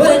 ወዳ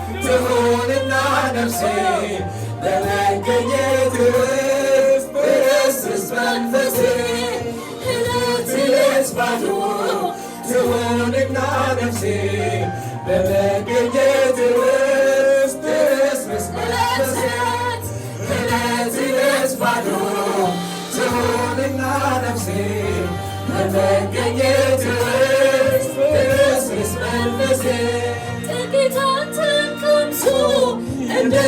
ትሁንና ነፍሴ በመገኘት በኢየሱስ መንፈሴ እለት እለት ባዶ ትሁንና ነፍሴ በመገኘት ባዶ ትሁንና ነፍሴ በመገኘት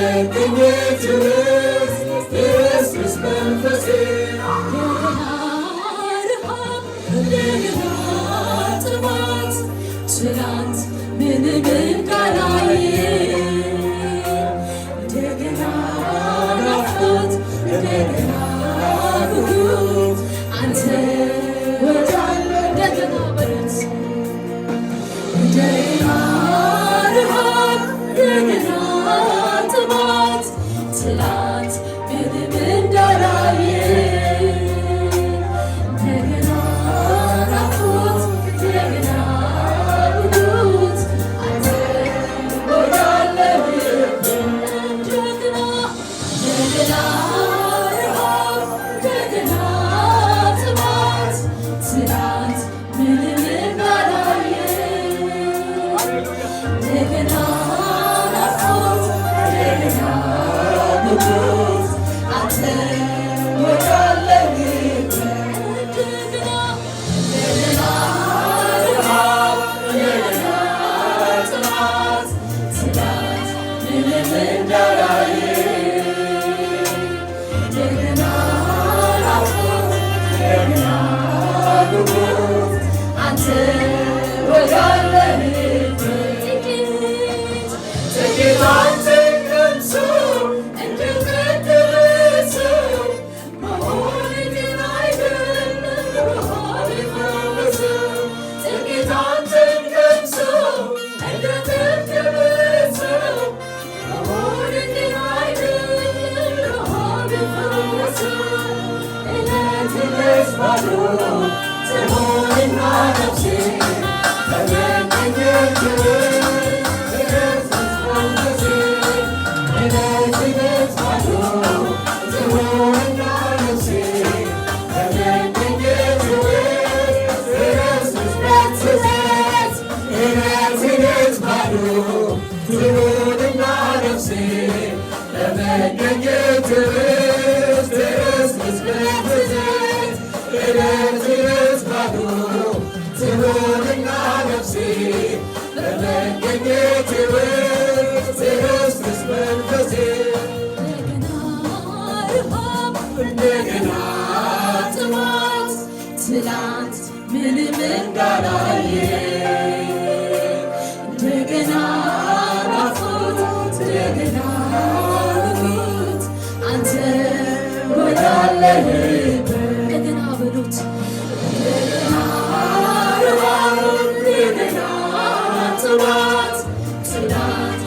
ለብኝ ትምህርት luz até እንደገና በሉት ጽናት ጽናት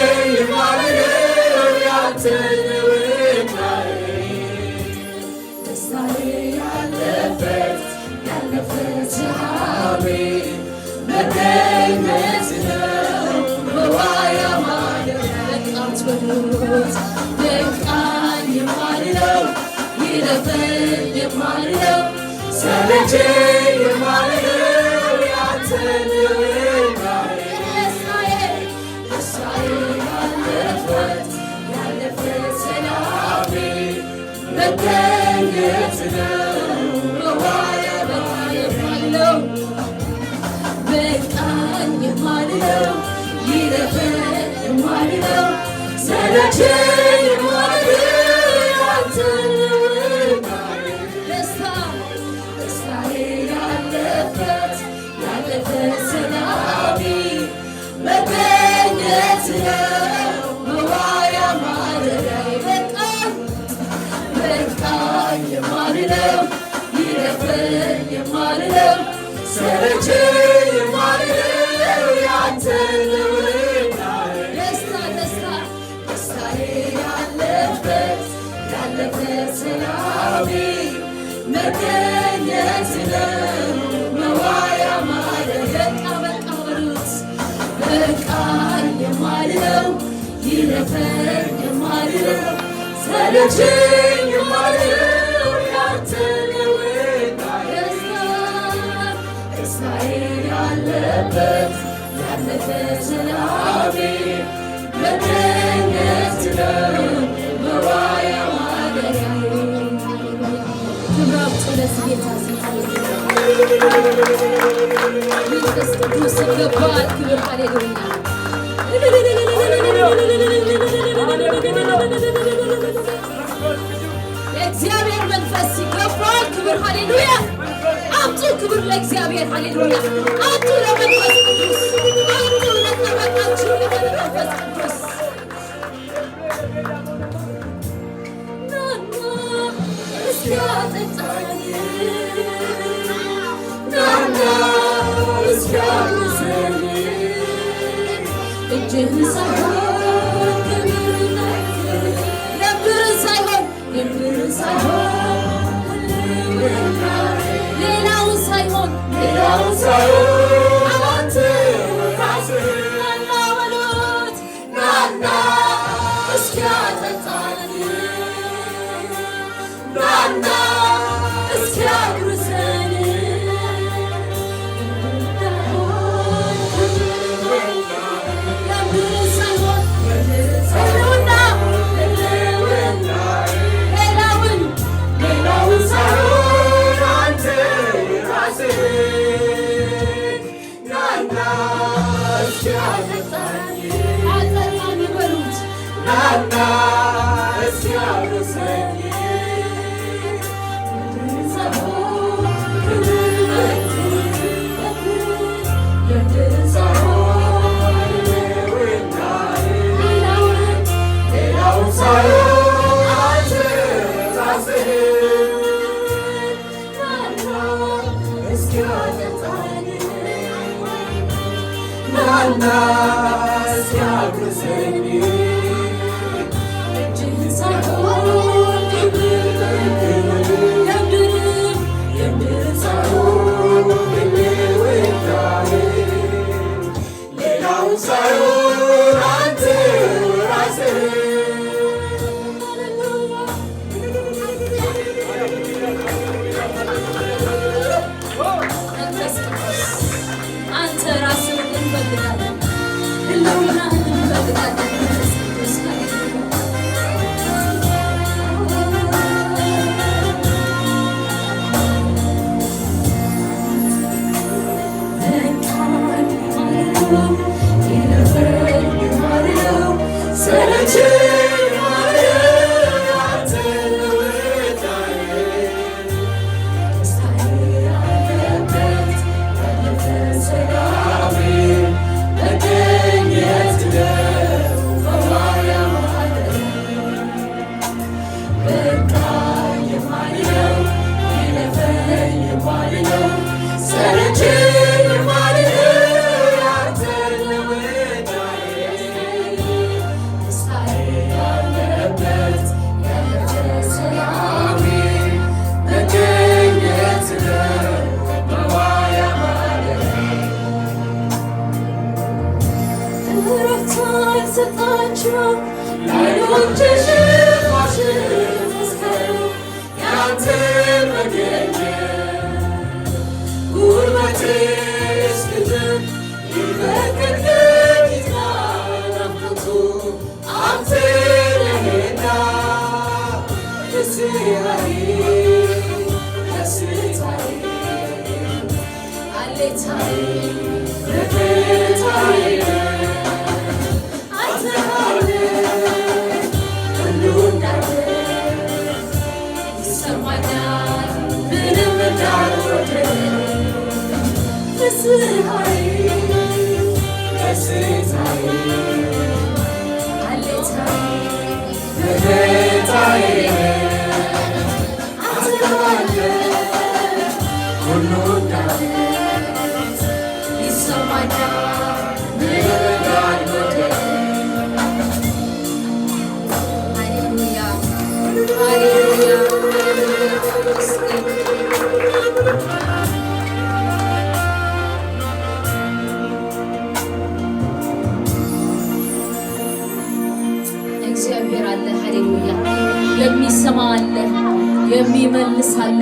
Let's go. the truth. ያለበት ለእግዚአብሔር መንፈስ ይገባል። ክብር ሃሌሉያ። አምጡ ክብር ለእግዚአብሔር ሃሌሉያ። አምጡ ለመንፈስ ቅዱስ፣ አምጡ ለተመጣችሁ ለመንፈስ ቅዱስ ናና እስኪ አጠጣኝ ሳይሆን ሌላውን ሳይሆን nas que Let's እግዚአብሔር አለ። ሃሌሉያ! የሚሰማ አለ፣ የሚመልስ አለ።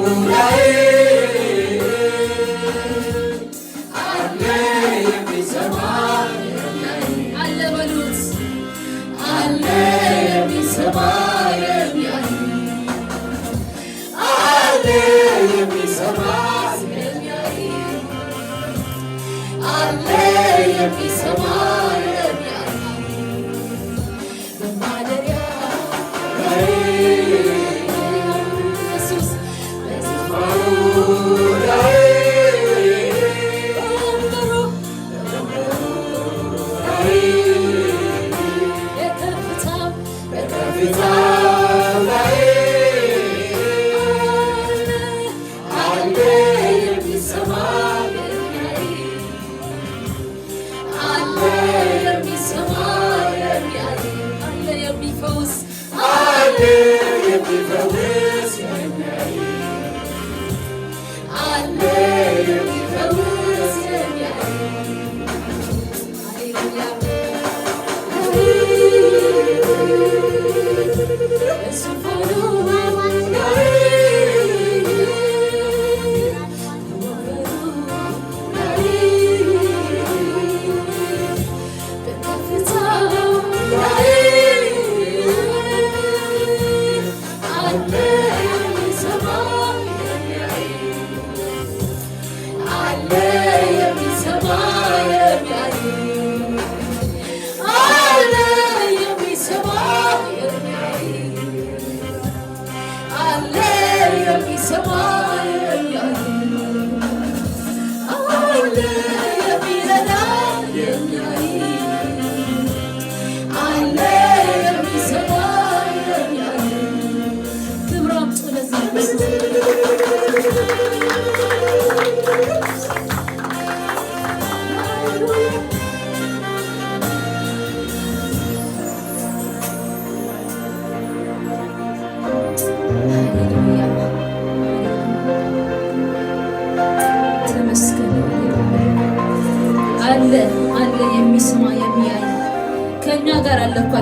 every summer.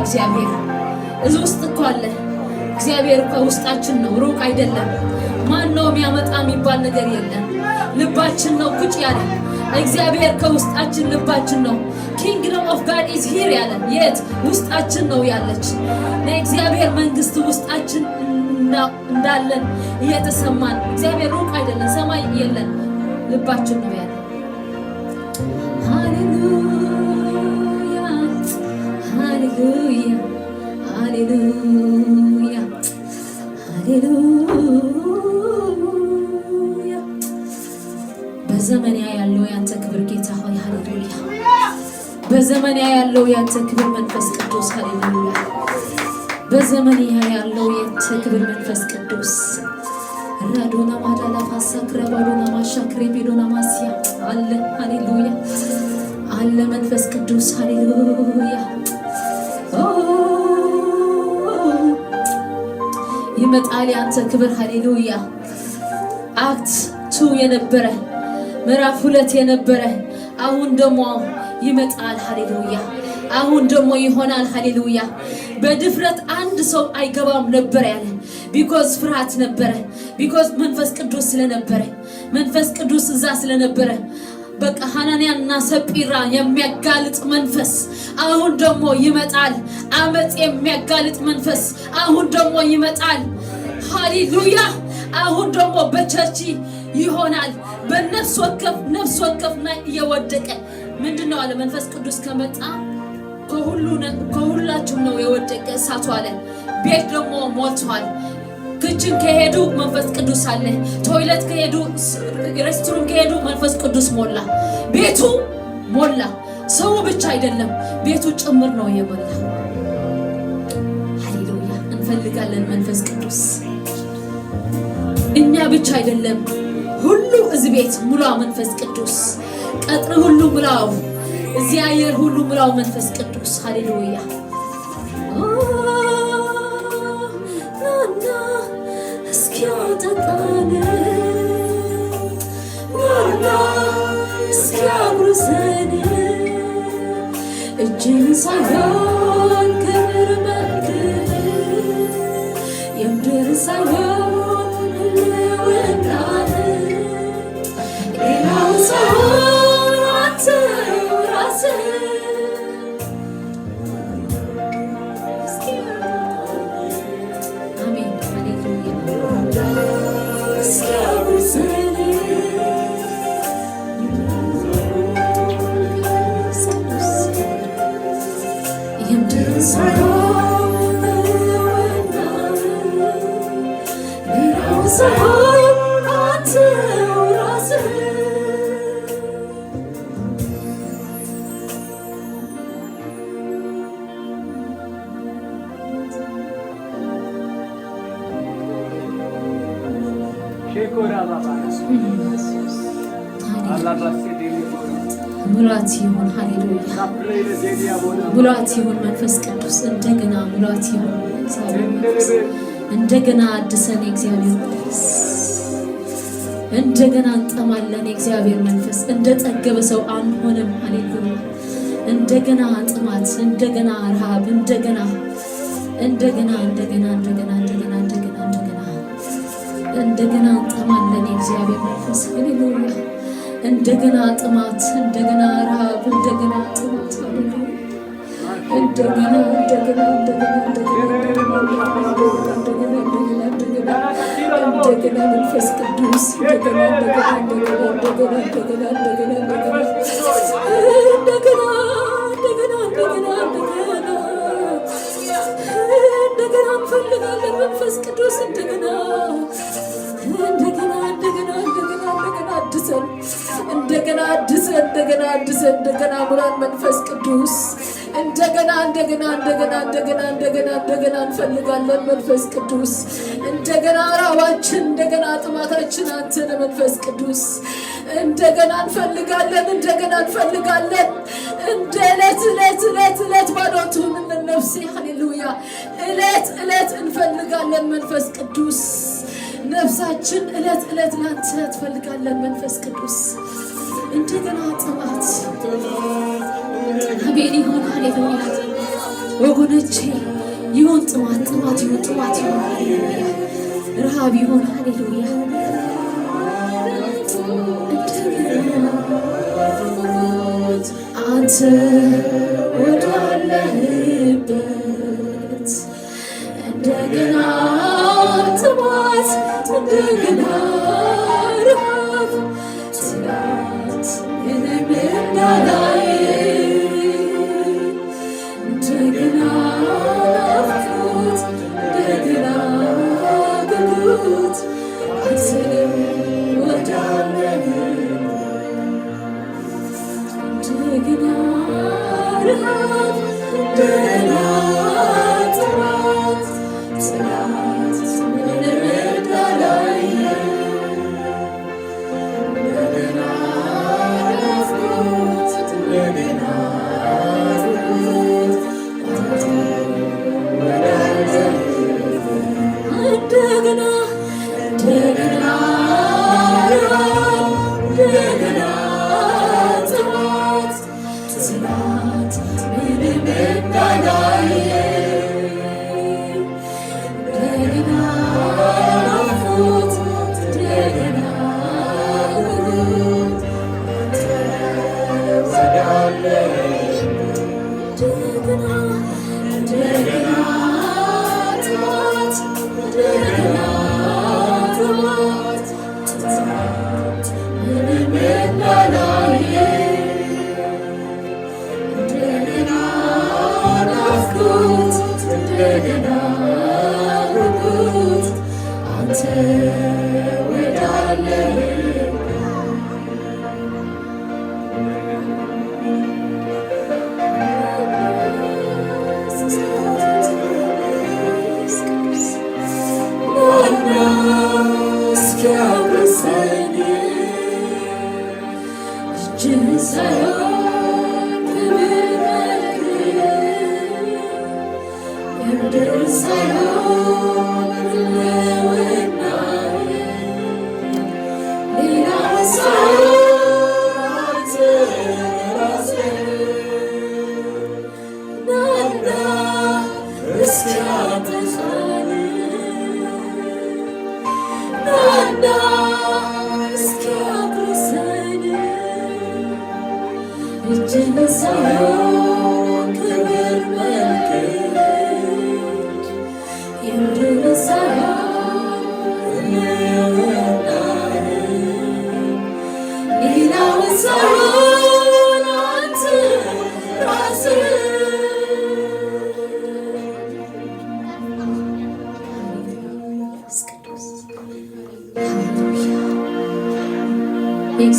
እግዚአብሔር እዚህ ውስጥ እኮ አለ። እግዚአብሔር እኮ ውስጣችን ነው፣ ሩቅ አይደለም። ማን ነው የሚያመጣ የሚባል ነገር የለም። ልባችን ነው ቁጭ ያለ እግዚአብሔር ከውስጣችን ልባችን ነው። ኪንግደም ኦፍ ጋድ ኢዝ ሂር ያለ የት ውስጣችን ነው ያለች እግዚአብሔር መንግስት ውስጣችን እንዳለን እየተሰማን እግዚአብሔር ሩቅ አይደለም። ሰማይ የለን ልባችን ነው። በዘመን ያለው ያንተ ክብር ጌታ ሆይ ሃሌሉያ። በዘመን ያለው ያንተ ክብር መንፈስ ቅዱስ ሃሌሉያ። በዘመን ያለው ያንተ ክብር መንፈስ ቅዱስ ራዶና ማዳላ ፋሳክረ ባዶና ማሻክረ ቤዶና ማስያ አለ ሃሌሉያ አለ መንፈስ ቅዱስ ሃሌሉያ። ይመጣል ያንተ ክብር ሃሌሉያ። አክት ቱ የነበረ ምዕራፍ ሁለት የነበረ አሁን ደግሞ ይመጣል። ሃሌሉያ! አሁን ደግሞ ይሆናል። ሃሌሉያ! በድፍረት አንድ ሰው አይገባም ነበር ያለ ቢኮዝ ፍርሃት ነበረ፣ ቢኮዝ መንፈስ ቅዱስ ስለነበረ መንፈስ ቅዱስ እዛ ስለነበረ በቃ ሐናንያና ሰጲራ የሚያጋልጥ መንፈስ አሁን ደግሞ ይመጣል። አመፅ የሚያጋልጥ መንፈስ አሁን ደግሞ ይመጣል። ሃሌሉያ! አሁን ደግሞ በቸርች ይሆናል። በነፍስ ወከፍ ነፍስ ወከፍና እየወደቀ ምንድን ነው አለ መንፈስ ቅዱስ ከመጣ ከሁላችሁም ነው የወደቀ እሳቱ አለ። ቤት ደግሞ ሞልቷል። ክችን ከሄዱ መንፈስ ቅዱስ አለ። ቶይለት ከሄዱ ሬስትሩም ከሄዱ መንፈስ ቅዱስ ሞላ። ቤቱ ሞላ። ሰው ብቻ አይደለም ቤቱ ጭምር ነው የሞላ። ሃሌሉያ! እንፈልጋለን መንፈስ ቅዱስ እኛ ብቻ አይደለም ሁሉ እዚህ ቤት ሙላው መንፈስ ቅዱስ። ቀጥር ሁሉ ሙላው፣ እዚህ አየር ሁሉ ሙላው መንፈስ ቅዱስ። ሃሌሉያ እጅን ሳይሆን ክብር መንገድ የምድር ሳይሆን ሙላት ይሁን። ሃሌሉያ ሙላት ይሁን። መንፈስ ቅዱስ እንደገና ሙላት ይሁን። እንደገና አድሰን የእግዚአብሔር መንፈስ እንደገና እንጠማለን። የእግዚአብሔር መንፈስ እንደጠገበ ሰው አንሆንም። ሃሌሉያ እንደገና ጥማት፣ እንደገና ረሃብ፣ እንደገና እንደገና እንደገና እንደገና እንደገና እንጠማለን። የእግዚአብሔር መንፈስ ሃሌሉያ! እንደገና ጥማት፣ እንደገና ረሃብ፣ እንደገና ጥማት፣ እንደገና እንደገና እንደገና እንደገና መንፈስ ቅዱስ እንደገና እንደገና እንደገና እንደገና እንደገና እንደገና እንደገና እንደገና አድሰ እንደገና ሙላን መንፈስ ቅዱስ እንደገና እንደገና እንደገና እንደገና እንደገና እንደገና እንፈልጋለን መንፈስ ቅዱስ እንደገና ራባችን እንደገና ጥማታችን አንተን መንፈስ ቅዱስ እንደገና እንፈልጋለን እንደገና እንፈልጋለን እንደ ዕለት ዕለት እለት እለት ባዶቱ ምን ነፍሴ ሃሌሉያ ዕለት ዕለት እንፈልጋለን መንፈስ ቅዱስ ነፍሳችን ዕለት ዕለት ላንተ ትፈልጋለን መንፈስ ቅዱስ እንደገና ጥባት አሜን ይሁን ሃሌሉያ። ወገኖቼ ይሁን ጥማት ጥማት ይሁን ጥማት ይሁን ሃሌሉያ። ረሃብ ይሁን ሃሌሉያ። አንተ ወዳለህበት እንደገና ጥማት እንደገና 나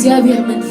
የእግዚአብሔር መንፈስ